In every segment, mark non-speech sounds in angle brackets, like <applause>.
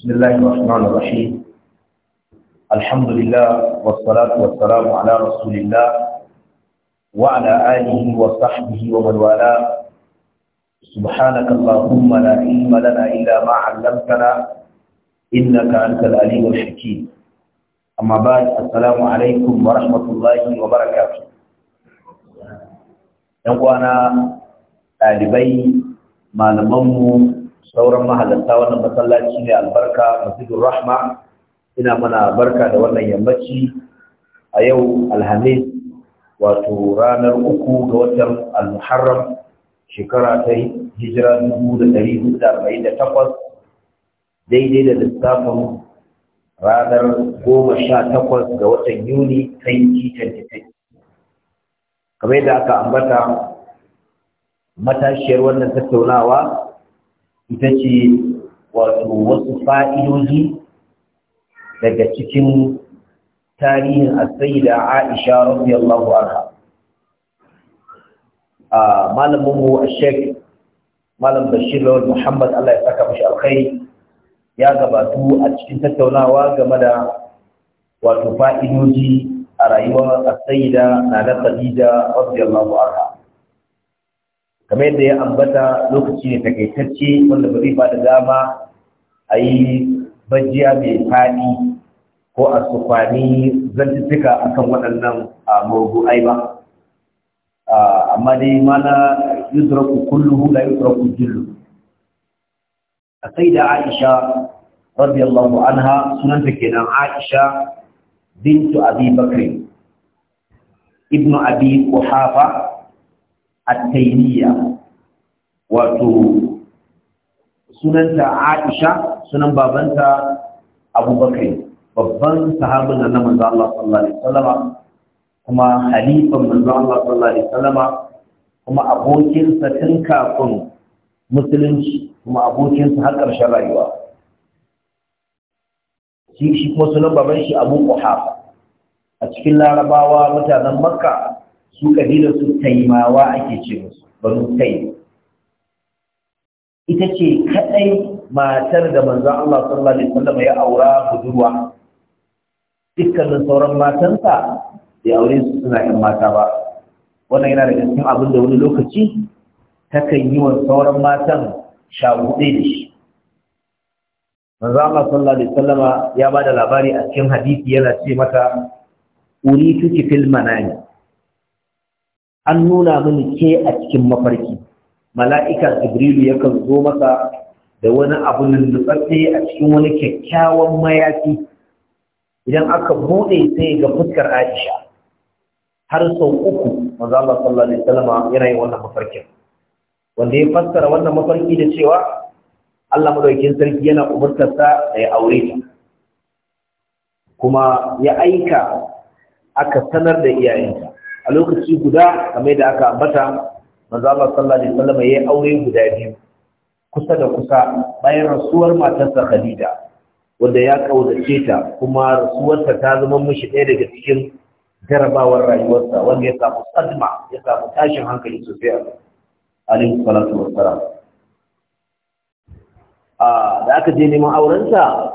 بسم الله الرحمن الرحيم الحمد لله والصلاة والسلام على رسول الله وعلى آله وصحبه ومن والاه سبحانك اللهم لا علم لنا إلا ما علمتنا إنك أنت العليم الحكيم أما بعد السلام عليكم ورحمة الله وبركاته ‘Yan kwana ɗalibai malamanmu sauran mahalarta wannan masallaci ne albarka masjidun rahma ina mana barka da wannan yammaci a yau alhamis wato ranar uku ga watan almuharram shekara ta hijira 1448 daidai da lissafin ranar 18 ga watan yuni 2023 kamar yadda aka ambata matashiyar wannan tattaunawa ita ce wato wasu fa'idoji daga cikin tarihin asayida aisha radiyallahu arha a malaminmu a sheik malam bashir lawal muhammad allah ya saka mashi alkhairi ya gabatu a cikin tattaunawa game da wato fa'idoji a rayuwar asayida na na khadija radiyallahu arha kamar yadda ya ambata lokaci ne takaitacce wanda ba zai ba da dama a yi bajiya mai faɗi ko a sufani zantuttuka kan waɗannan ai ba amma dai mana yudraku kulluhu la yudraku jullu a sai da aisha radiyallahu anha sunanta kenan aisha bintu abi bakri ibnu abi quhafa at-taymiya wato sunanta Aisha sunan babanta Abubakar babban sahabin nan manzo Allah sallallahu alaihi wasallam kuma halifan manzo Allah sallallahu alaihi wasallam kuma abokinsa tun kafin musulunci kuma abokinsa har ƙarshen rayuwa shi kuma sunan baban shi Abu Quhafa a cikin Larabawa mutanen Makka su kabilar su taimawa ake ce musu banu taim ita ce kadai matar da manzon Allah sallallahu alaihi wasallam ya aura budurwa dukkanin sauran matansa da aure su suna yan mata ba wannan yana daga cikin abin da wani lokaci takan yi wa sauran matan shaguɗe da shi manzo Allah sallallahu alaihi wasallama ya bada labari a cikin hadisi yana ce mata uri tuki fil manani an nuna mini ke a cikin mafarki mala'ika jibrilu yakan zo masa da wani abu nutsatse a cikin wani kyakkyawan mayafi idan aka buɗe sai ga fuskar aisha har sau uku manzo Allah sallallahu alaihi wasallam yana yin wannan mafarkin wanda ya fassara wannan mafarki da cewa Allah madaukakin sarki yana umurtar sa da ya aure ta kuma ya aika aka sanar da iyayenta a lokaci guda kamar da aka ambata manzo Allah sallallahu alaihi wasallam yayi aure guda biyu kusa da kusa bayan rasuwar matarsa Khadija wanda ya kaudace ta kuma rasuwarta ta zama mishi ɗaya daga cikin jarabawar rayuwarsa wanda ya samu sadma ya samu tashin hankali sosai a alaihi salatu wassalam a da aka je neman aurensa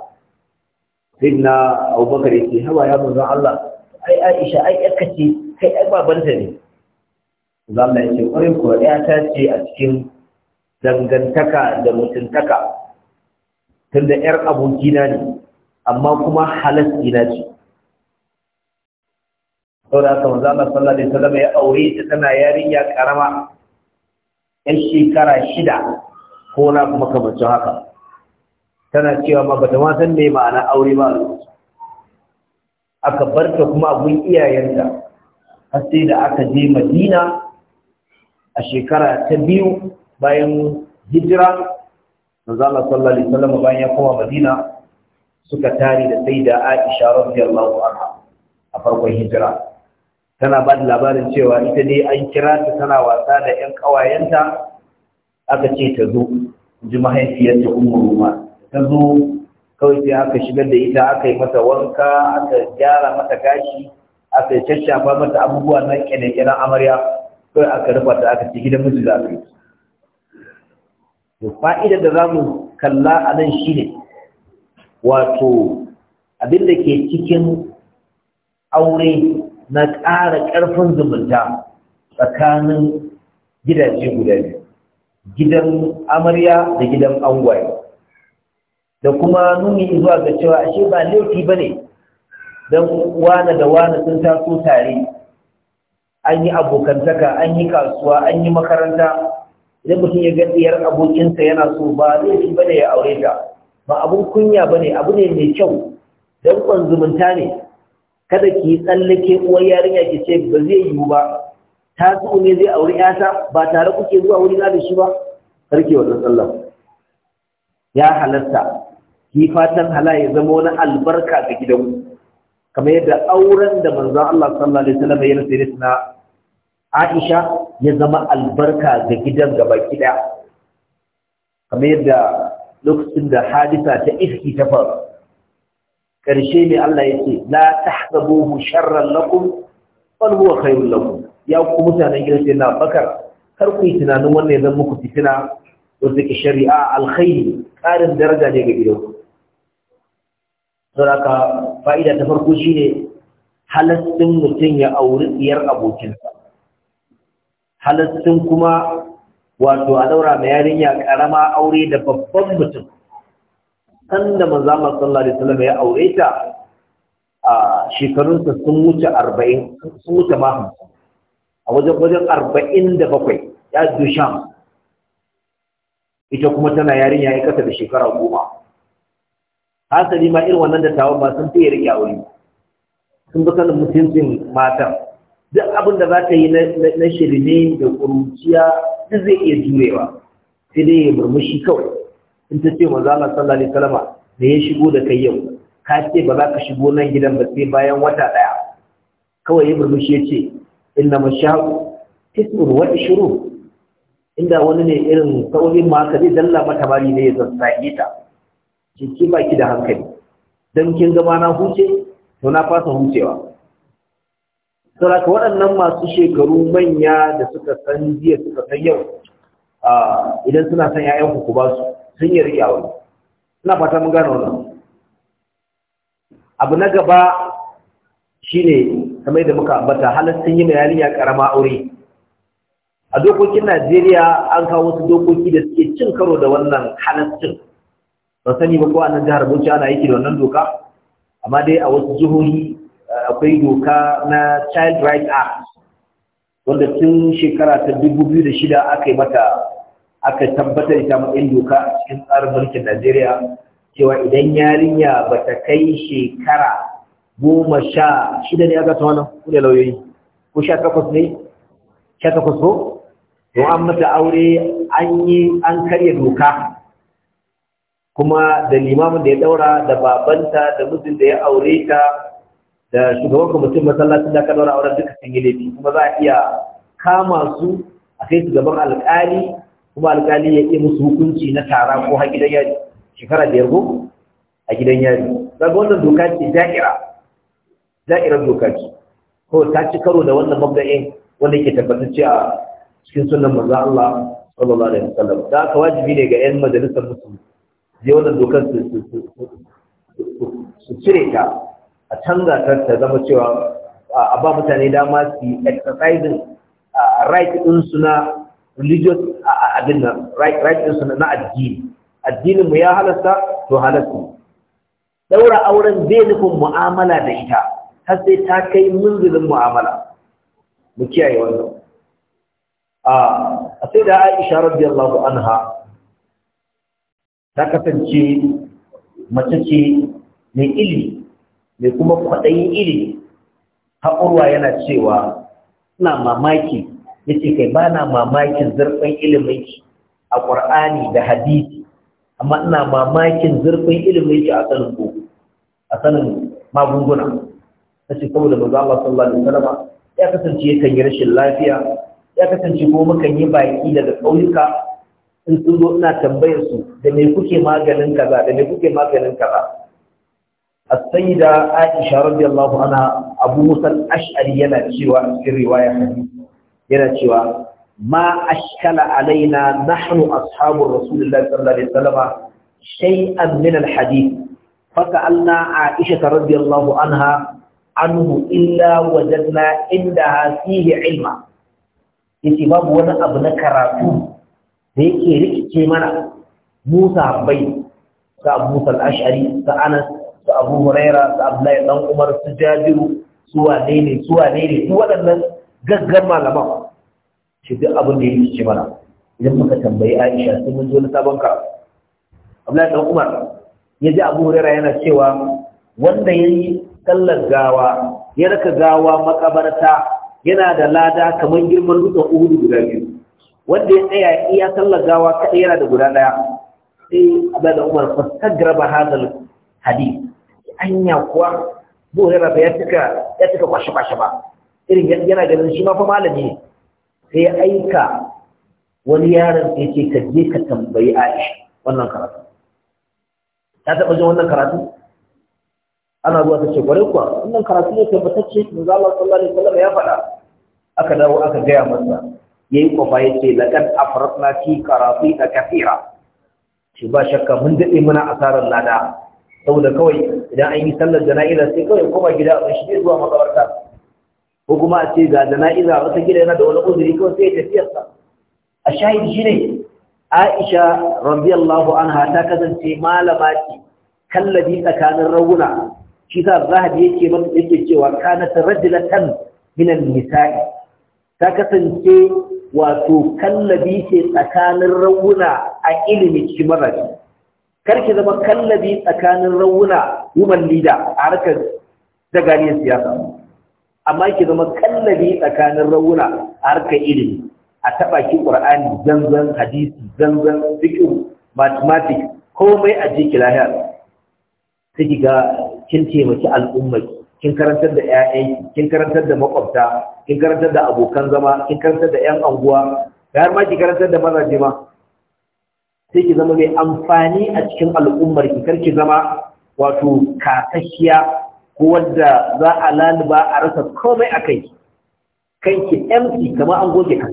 sai na abubakar ya ce hawa ya manzon Allah ai aisha ai yarka ce kai ai babanta ne zalla ya ce ƙwarai ko ta ce a cikin dangantaka da mutuntaka tunda yar abokina ne amma kuma halas ina ce saboda haka manzo Allah sallallahu alaihi wasallam ya aure ta tana yarinya karama yan shekara shida ko na kuma kamar haka tana cewa ma bata ma san me ma'ana aure ba a lokacin aka barta kuma abun iyayenta har sai da aka je madina a shekara ta biyu bayan hijira manzala sallallahu alaihi wasallam bayan ya koma madina suka tare da sai da aisha radiyallahu anha a farkon hijira tana ba da labarin cewa ita dai an kira ta tana wasa da 'yan ƙawayenta aka ce ta zo ji mahaifiyarta umar ruma ta zo kawai sai aka shigar da ita aka yi mata wanka aka gyara mata gashi aka caccafa mata abubuwa na kene-kenen amarya kawai aka rufa ta aka ci gidan miji zafi to fa'idar da zamu kalla a nan shine wato abin da ke cikin aure na ƙara ƙarfin zumunta tsakanin gidaje guda biyu gidan amarya da gidan angwaye da kuma nuni zuwa ga cewa ashe ba laifi ba ne don wane da wane sun taso tare an yi abokantaka an yi kasuwa an yi makaranta idan mutum ya ga abokinsa yana so ba laifi ba ne ya aure ta ba abun kunya ba ne abu ne mai kyau don ƙwanzumunta ne kada ki yi tsallake uwar yarinya ki ce ba zai yiwu ba ta ne zai auri yata ba tare kuke zuwa wuri na da shi ba karke wannan tsallan ya halatta yi fatan hala ya zama wani albarka ga gidanku kamar yadda auren da manzo Allah sallallahu alaihi wasallam ya rasa na Aisha ya zama albarka ga gidan gaba kida kamar yadda lokacin da hadisa ta iski ta faru karshe ne Allah ya ce la tahsabuhu sharran lakum bal huwa khairul lakum ya ku mutanen gidan sai na bakar kar ku yi tunanin wannan zama muku fitina wanda ke shari'a alkhairi karin daraja ne ga gidanku don fa'ida ta farko shi ne halastin mutum ya auri iyar abokinsa halastin kuma wato a daura mai yarinya karama aure da babban mutum da maza masallah da salama ya aure ta a shekarunsa sun wuce arba'in sun wuce ma a wajen wajen arba'in da bakwai ya dusham ita kuma tana yarinya ya kasa da shekara goma hasali ma irin wannan dattawan ba sun fiye rike wuri sun fi sanin mutuncin matan duk abin da za ta yi na shirme da ƙuruciya duk zai iya jurewa sai dai ya murmushi kawai in ta ce maza Allah sallallahu alaihi wasallam da ya shigo da kai yau ka ce ba za ka shigo nan gidan ba sai bayan wata ɗaya. kawai ya murmushi ya ce inna mashahu tismur wa ishru inda wani ne irin saurin ma ka zai dalla mata bari ne ya zazzage ta ke baki da hankali don kin gama na huce to na fasa hucewa saboda waɗannan masu shekaru manya da suka san jiya suka san yau idan suna san 'ya'yanku ku ba su sun yi riƙe wani suna fata mun gane wannan abu na gaba shine kamar da muka ambata halattun yi mai yarinya karama aure a dokokin najeriya an kawo wasu dokoki da suke cin karo da wannan halattun ba sani ba ko a nan jihar bauchi ana aiki da wannan doka amma dai a wasu jihohi eh, akwai doka na child rights act wanda tun shekara ta shida aka yi mata aka tabbatar ita matsayin doka a cikin tsarin mulkin najeriya cewa idan yarinya ba ta kai shekara goma sha shida ne aka ta wannan kuɗe lauyoyi ko sha takwas ne sha takwas ko To an mata aure an yi an karya doka kuma da limamin da ya daura da babanta da mutum da ya aure ta da shugaban kwamitin masallacin da aka daura auren duka sun yi laifi kuma za a iya kama su a kai su gaban alkali kuma alkali ya yi musu hukunci na tara ko ha gidan yari shekara biyar ko a gidan yari Za ga wannan doka ce da'ira da'irar doka ce ko ta ci karo da wannan mabda'in wanda yake tabbatar a cikin sunan manzo Allah sallallahu alaihi wasallam da ka wajibi ne ga 'yan majalisar musulmi je wannan dokar su cire ta a canza ta ta zama cewa a ba mutane dama su yi exercising right in na religious abin nan right suna na addini addinin mu ya halasta to halasta daura auren zai nufin mu'amala da ita har sai ta kai munzilin mu'amala mu kiyaye wannan a sai da Aisha radiyallahu anha ta kasance mace ce mai ilimi mai kuma kwaɗayin ilimi haƙurwa yana cewa ina mamaki ya ce kai ba na mamakin zurfin iliminki a ƙwar'ani da hadisi amma ina mamakin zurfin iliminki a sanin ko a sanin magunguna ta ce saboda maza Allah sallallahu alaihi wasallam ya kasance yakan yi rashin lafiya ya kasance kuma mukan yi baki daga ƙauyuka in sun ina tambayar su da me kuke maganin kaza da me kuke maganin kaza as-sayyida aisha radiyallahu anha abu musa al-ash'ari yana cewa cikin riwaya hadith yana cewa ma ashkala alaina nahnu ashabu rasulillahi sallallahu alaihi wasallam shay'an min al-hadith fa ka'anna aisha radiyallahu anhu illa wajadna indaha fihi ilma yace babu wani abu na karatu da yake rikice mana musa bai su abu al ashari su anas su abu huraira su abdullahi dan umar su jabiru su wane ne su wane ne su waɗannan gaggan malaman shi duk abin da ya rikice mana idan muka tambayi aisha sai mun zo na sabon ka abdullahi dan umar ya ji abu huraira yana cewa wanda ya yi sallar gawa ya raka gawa makabarta yana da lada kamar girman dutsen uhudu guda biyu wanda ya tsaya iya sallar gawa kaɗai yana da guda ɗaya sai da umar fastagraba hadal hadith anya kuwa bu hurairah ya tuka ya tuka kwashe kwashe ba irin yana ganin shi ma fa malami sai aika wani yaron sai ce ka je ka tambayi Aisha wannan karatu ta taɓa jin wannan karatu ana zuwa ta ce kwarai kuwa wannan karatu ne tabbatacce manzo Allah sallallahu alaihi wasallam ya faɗa aka dawo aka gaya masa yayi ce yace laqad afratna fi da kafira. shi ba shakka mun daɗe muna asarar lada saboda kawai idan an yi sallar jana'iza sai kawai koma gida a shi zuwa makabarta ko kuma a ce ga jana'iza wata gida yana da wani uzuri kawai sai ya tafiyarsa a shahid shi ne aisha radiyallahu anha ta kasance malama ce kallabi tsakanin raguna shi sa zahabi yake mata yake cewa ta rajulatan min an-nisa'i ta kasance wato kallabi ce tsakanin rawuna a ilimi cikin kar ki zama kallabi tsakanin rawuna human leader a harkar daganiyar siyasa amma ki zama kallabi tsakanin rawuna a harkar ilimi a taɓa ki ƙur'ani zanzan hadisi zanzan fiƙin mathematics komai a jiki lahiyar sai ki ga kin taimaki al'ummaki kin karantar da ƴaƴan kin karantar da makwabta kin karantar da abokan zama kin karantar da ƴan anguwa har ma ki karantar da mazaje ma sai ki zama mai amfani a cikin al'ummar ki kar ki zama wato kakashiya ko wanda za a laluba a rasa komai a kai ki empty kamar an goge ka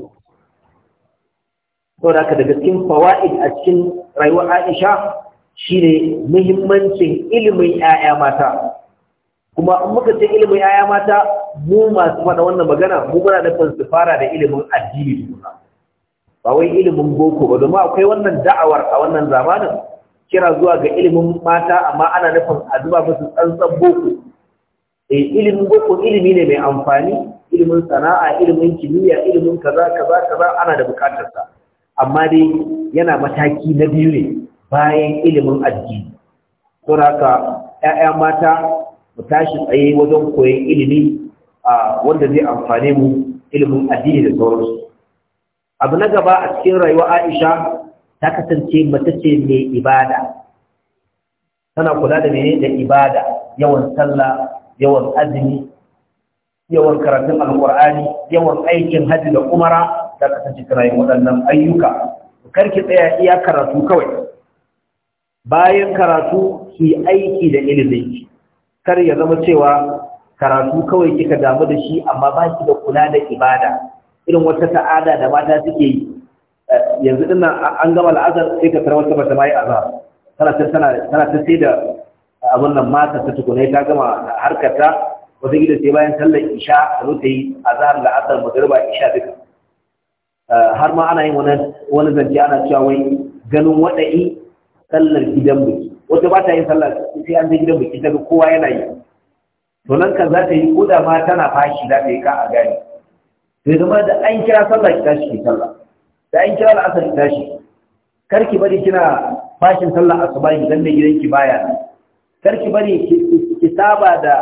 saboda haka daga cikin fawaid a cikin rayuwar Aisha shine muhimmancin ilimin ƴaƴa mata kuma in muka ce ilimin yaya mata mu masu faɗa wannan magana mu muna nufin su fara da ilimin addini tukuna ba wai ilimin boko ba domin akwai wannan da'awar a wannan zamanin kira zuwa ga ilimin mata amma ana nufin a zuba musu tsantsan boko eh ilimin boko ilimi ne mai amfani ilimin sana'a ilimin kimiyya ilimin kaza kaza kaza ana da bukatar sa amma dai yana mataki na biyu ne bayan ilimin addini saboda haka 'ya'ya mata mu tashi tsaye wajen koyon ilimi a wanda zai amfane mu ilimin addini da sauransu abu na gaba a cikin rayuwa Aisha ta kasance mace ce mai ibada tana kula da menene da ibada yawan sallah yawan azumi yawan karatun alkur'ani yawan aikin hajji da umara ta kasance tana yin waɗannan ayyuka karki tsaya iya karatu kawai bayan karatu yi aiki da ilimin ki kar ya zama cewa karatu kawai kika damu da shi amma ba shi da kula da ibada irin wata ta'ada da mata suke yi eh, yanzu din nan an gama al'azar sai ka tarar wata bata mai azar tana ta tana ta sai da abun nan mata ta tukune ta gama harkar wata gida sai bayan sallar isha ta zo ta yi azar la'azar magriba isha duka eh, har ma ana yin wani zance ana cewa wai ganin waɗa'i sallar gidan biki wata ba ta yin sallah sai an je gidan biki daga kowa yana yi to nan kan za ta yi ko da ma tana fashi za ta yi ka a gani to zama da an kira sallah ki tashi ki sallah da an kira al'asar ki tashi kar ki bari kina fashin sallah asuba ki dan da gidan ki baya kar ki bari ki saba da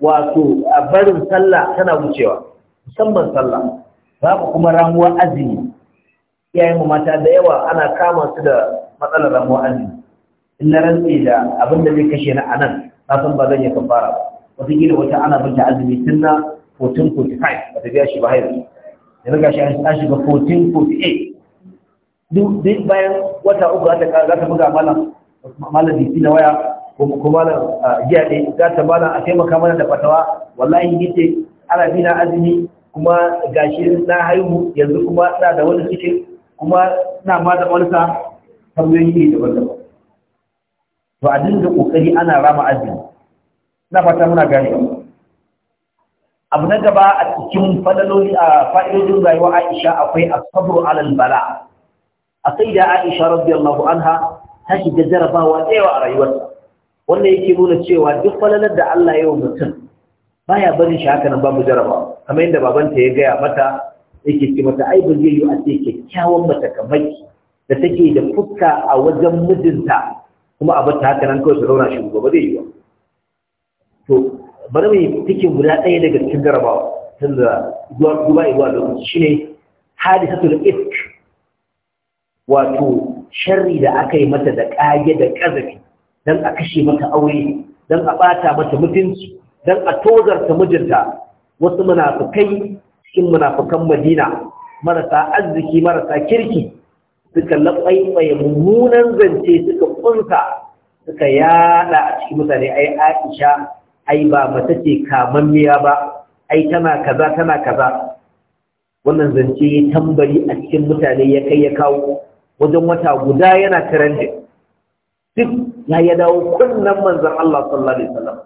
wato barin sallah tana wucewa musamman sallah Za ku kuma ramuwar azumi iyayen mu mata da yawa ana kama su da matsalar ramuwa azumi in na rantse da abin da zai kashe na anan na san ba zan yi kafara ba wataƙila wata ana binta azumi tun na 1445 wata biya shi ba haihu da riga shi an shiga 1448 duk bayan wata uku za ta buga malam malam dc na waya ko malam ah, jiya ne za ta malam a taimaka mana da fatawa wallahi ni ce ana bina azumi kuma gashi na haihu yanzu kuma na da wani cikin kuma na ma da wani sa tambayoyi ne daban-daban to a dinga kokari ana rama azumi na fata muna gane abu na gaba a cikin fadaloli a fa'idodin rayuwa Aisha akwai as-sabru 'ala al a akai da Aisha radiyallahu anha ta da jarabawa tsayawa a rayuwarta wanda yake nuna cewa duk falalar da Allah ya yi wa mutum baya barin shi haka nan babu jarabawa kamar yadda babanta ya gaya mata yake ce mata ai ba zai yi a ce kyakkyawan mace kamar da take da fuska a wajen mijinta kuma abin ta haka nan kawai su rauna shi gobe zai yi wa to bari mai cikin guda ɗaya daga cikin garabawa, tun da duba iwa lokaci shine hadisatul isk wato sharri da aka yi mata da ƙage da ƙazafi don a kashe mata aure don a ɓata mata mutunci don a tozarta mijinta wasu munafukai cikin munafukan madina marasa arziki marasa kirki suka laɓai laɓaiɓaye mummunan zance suka ƙunsa suka yaɗa a cikin mutane ai aisha ai ba mace ce kamammiya ba ai tana kaza tana kaza wannan zance ya tambari a cikin mutane ya kai ya kawo wajen wata guda yana trending duk ya ya dawo kunnan manzon Allah sallallahu alaihi wasallam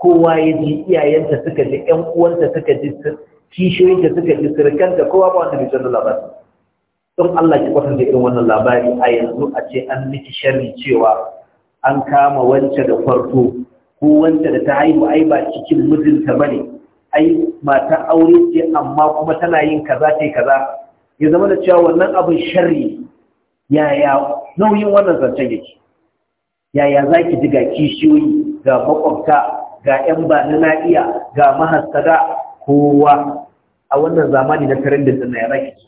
kowa ya ji iyayenta suka ji ƴan uwanta suka ji kishiyoyinta suka ji sirkanta kowa ba wanda bai san labarin don Allah ki da irin wannan labari a yanzu a ce an miki sharri cewa an kama wance da farko ko wance da ta haihu ai ba cikin mijinta ba ne ai mata aure ce amma kuma tana yin kaza ce kaza ya zama da cewa wannan abin sharri yaya nauyin wannan zancen yake yaya za ki ji ga kishiyoyi ga makwabta ga 'yan ba na na’iya ga mahassada kowa a wannan zamani na karin da na ya rage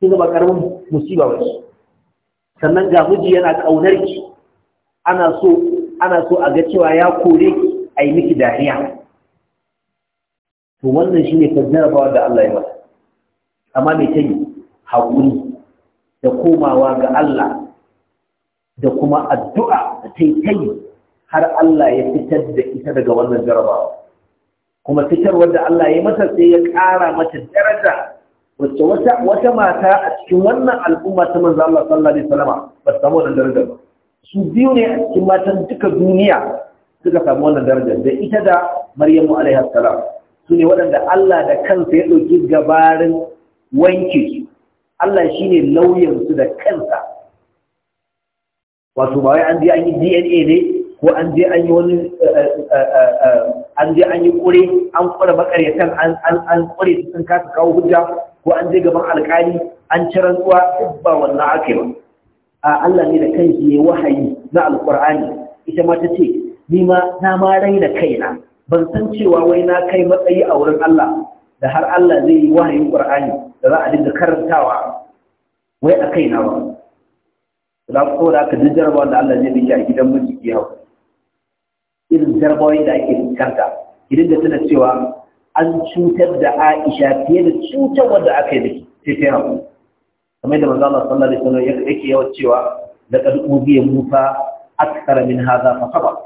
sun ba karamin musiba ba ce sannan ga miji yana ƙaunar ki ana so a ga cewa ya kore ki a yi miki dariya to wannan shine ta jarabawa da Allah ya mata amma mai ta yi haƙuri da komawa ga Allah da kuma addu'a da ta yi ta yi har Allah ya fitar da ita daga wannan jarabawa kuma fitar wadda Allah ya mata sai ya ƙara mata daraja wacce wata wata mata a cikin wannan al'umma ta manzo Allah sallallahu alaihi wasallam ba samu wannan darajar ba su biyu ne a cikin matan duka duniya suka samu wannan darajar da ita da Maryamu alaiha salam su ne waɗanda Allah da kansa ya ɗauki gabarin wanke su Allah shine lauyan su da kansa wato ba wai an je an yi DNA ne ko an je an yi wani eh, eh, eh, an je an yi kure an kure makaryatan an an an kure su sun kasa kawo hujja ko an je gaban alƙali an ci rantsuwa ba wannan ake ba a Allah ne da kanshi ya wahayi na alƙur'ani ita ma ta ce ni ma na ma raina kaina ban san cewa wai na kai matsayi a wurin Allah da har Allah zai yi wahayin ƙur'ani da za a dinga karantawa wai a kaina ba za ku saboda aka duk jarabawa da Allah zai bi a gidan miji ke hau irin jarabawoyin da ake fuskanta da tana cewa an cutar da Aisha fiye da cutar wanda aka yi miki sai ta haƙu kamar da manzo Allah sallallahu alaihi wasallam yake yawan cewa laqad ubiya mufa akthar min haza fa sabar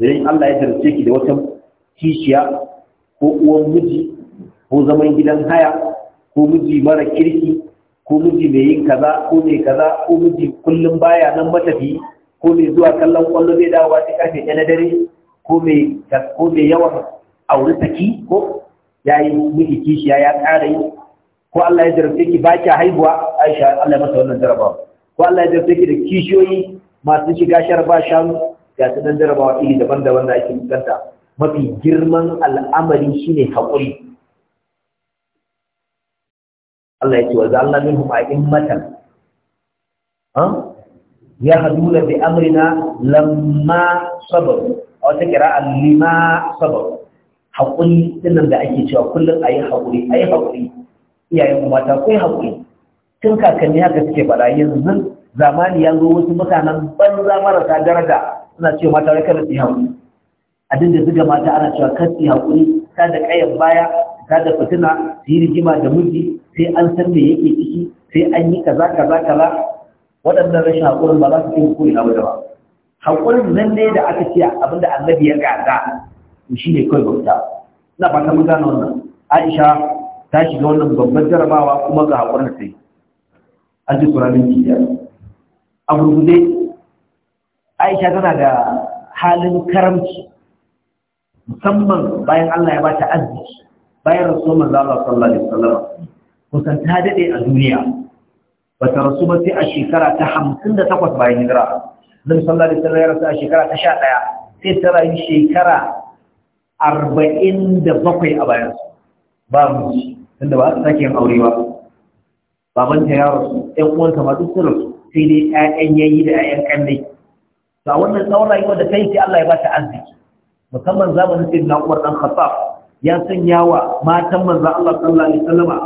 idan Allah ya tarce ki da wata kishiya ko uwan miji ko zaman gidan haya ko miji mara kirki ko miji mai yin kaza ko mai kaza ko miji kullum baya nan matafi ko mai zuwa kallon kwallo zai dawo sai karfe ɗaya na dare ko mai yawan auri saki ko ya yi miki kishiya ya ƙara yi ko Allah ya jarabce ki ba kya haihuwa Aisha Allah ya masa wannan jarabawa ko Allah ya jarabce ki da kishiyoyi masu shiga sharba shan ga su dan jarabawa iri daban-daban da ake kanta? mafi girman al'amari shine haƙuri Allah ya ce wa zalla minhum a'immatan ha ya haduna bi amrina lamma sabaru aw ta qira'a lima sabaru haƙuri dinnan da ake cewa kullum a yi haƙuri a yi haƙuri iyayen mata kai haƙuri tun kakanni haka suke faɗa yanzu zamani ya zo wasu mutanen banza marasa daraja suna cewa mata wai kada su yi haƙuri a da zuga mata ana cewa kar su yi haƙuri ta da ƙayan baya ta da fitina su yi rigima da miji sai an san me yake ciki sai an yi kaza kaza kaza waɗannan rashin haƙurin ba za su kai ko ina ba ba haƙurin nan ne da aka ce abinda annabi ya gaza to shi ne kawai bauta ina fata mun gane wannan aisha ta shiga wannan babban jarabawa kuma ga haƙurin ta yi an ji tsoranin jiya a gurgude aisha tana da halin karamci musamman bayan allah ya bata arziki bayan rasu manzo allah sallallahu alaihi wasallam kusan ta daɗe a duniya ba ta rasu ba sai a shekara ta hamsin da takwas bayan hijira zai sallallahu alaihi wasallam ya rasu a shekara ta sha ɗaya sai ta rayu shekara arba'in da bakwai a bayan su ba mu ci tunda ba su sake yin aure ba babanta ya rasu ƴan uwanta ma duk sun rasu sai dai ƴaƴan yayi da ƴaƴan kannai to a wannan tsawon rayuwar da ta yi sai Allah ya ba ta arziki musamman zamanin na uwar dan kasa ya sanya wa matan manza Allah sallallahu alaihi wasallama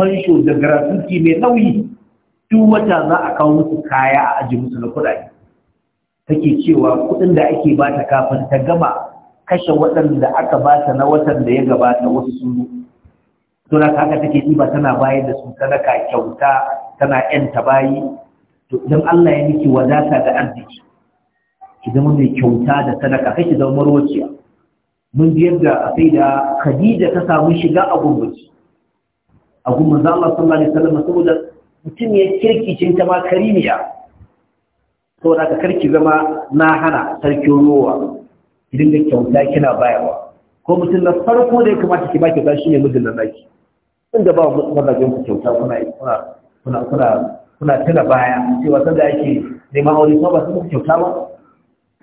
fansho da garatuki mai nauyi duk wata za a kawo musu kaya a aji musu na kuɗaɗe take cewa kuɗin da ake ba ta kafin ta gama kashe waɗanda aka ba ta na watan da ya gabata wasu sun to na haka take ɗiba tana bayar da su sadaka kyauta tana ta bayi to idan Allah ya miki wadata da arziki ki zama mai kyauta da sadaka kai ki zama marwaciya mun ji yadda sai da Khadija ta samu shiga a gumbaci a gumman Allah sallallahu alaihi wasallam saboda mutum ya cin ta ma karimiya saboda ka karki zama na hana sarkin ruwa. idan da kyauta kina bayarwa ko mutum na farko da ya kamata ki ba kyauta shi ne mijin da zaki in da ba mazajen ku kyauta kuna kuna kuna kuna tuna baya cewa sanda ake neman aure kuma ba su muku kyauta ba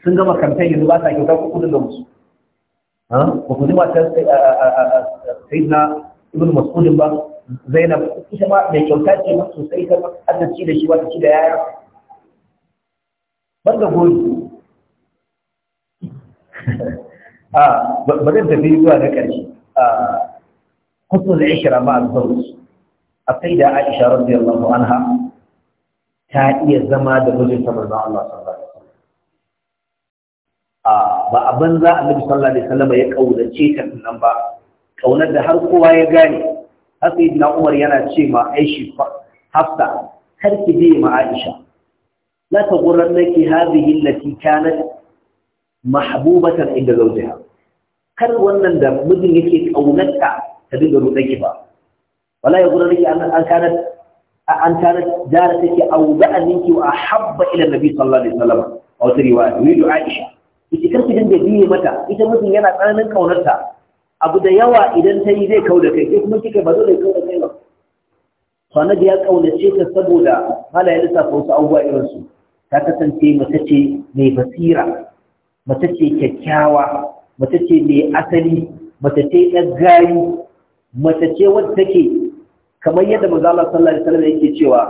sun gama kamfen yanzu ba sa kyauta ko kudin da musu ba ku ji sai eh, eh, eh, sayyidina ibnu mas'udin ba zainab ita ma mai kyauta ce ma sosai ta ma da shi ba ta ci da yaya ban da goyi <laughs> Ah, ba zan tafi zuwa na ƙarshe ah, husnul ishra ma al a akai da Aisha radiyallahu anha ta iya zama da mijinta manzon Allah sallallahu alaihi wasallam ah, ba a banza Annabi sallallahu alaihi wasallam ya kaudace ta nan ba kaunar da har kowa ya gane har sayyidina Umar yana ce ma Aisha Hafsa kar ki bi ma Aisha la tagurrannaki hadhihi allati kanat mahbubatan inda zawjiha kar wannan da mijin yake kaunarta ta dinga rudan ki ba wala ya gurin ki an kana an tana jara take awda minki wa ahabba ila nabi sallallahu alaihi wasallam aw ta riwaya ni da Aisha ita kar ki dinga biye mata ita mijin yana tsananin kaunarta abu da yawa idan ta yi zai kau da kai kuma kika ba zai kau kai ba sanadi ya kaunace ta saboda halayen lissafa wasu abubuwa irinsu ta kasance mace ce mai basira mace ce kyakkyawa mace ce mai asali mace ce ɗan gari mace ce wadda take kamar yadda manzo Allah sallallahu alaihi wasallam yake cewa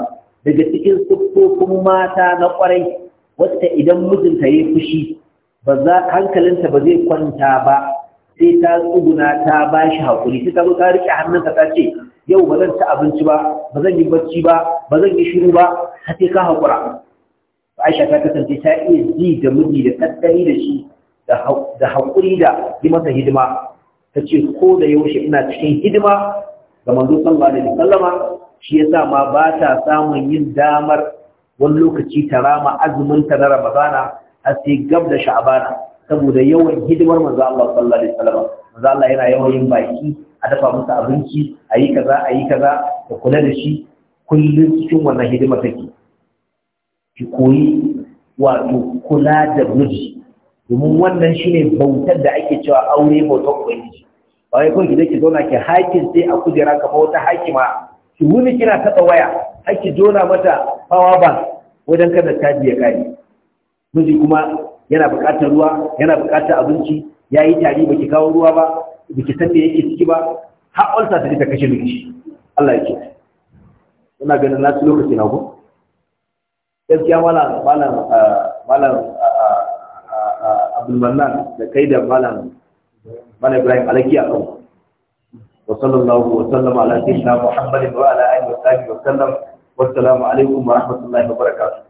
daga cikin siffofin mata na kwarai wadda idan mijinta ya fushi ba za hankalinta ba zai kwanta ba sai ta tsuguna ta ba shi haƙuri sai ta zo ta riƙe hannunka ta ce yau ba zan ci abinci ba ba zan yi barci ba ba zan yi shiru ba sai ka haƙura aisha ta kasance ta iya ji da miji da tattali da shi da haƙuri da yi masa hidima ta ce ko da yaushe ina cikin hidima ga manzo sallallahu alaihi wasallama shi yasa ma ba ta samun yin damar wani lokaci ta rama azumin ta na ramadana har sai gab da sha'abana saboda yawan hidimar manzo Allah sallallahu alaihi wasallama manzo Allah yana yawan yin baki a dafa musu abinci a yi kaza a yi kaza da kula da shi kullum cikin wannan hidima take ki koyi wato kula da miji domin wannan shine bautar da ake cewa aure bautar ubangiji ba wai kawai ki zai ki zauna ki hakin sai a kujera kamar wata hakima ki wuni kina taɓa waya har ki jona mata power bank wajen kada caji ya kare miji kuma yana buƙatar ruwa yana buƙatar abinci ya yi tari ba ki kawo ruwa ba ba ki san da yake ciki ba har ulcer ta ta kashe miji Allah ya ce ina ganin nasu lokaci na ku gaskiya malam malam ah, malam ah, ah, abdulmannan da kai da malam malam ibrahim alakiya kan wa sallallahu wa sallama ala sayyidina muhammadin wa ala alihi wa sahbihi wa sallam wassalamu alaikum wa rahmatullahi wa barakatuh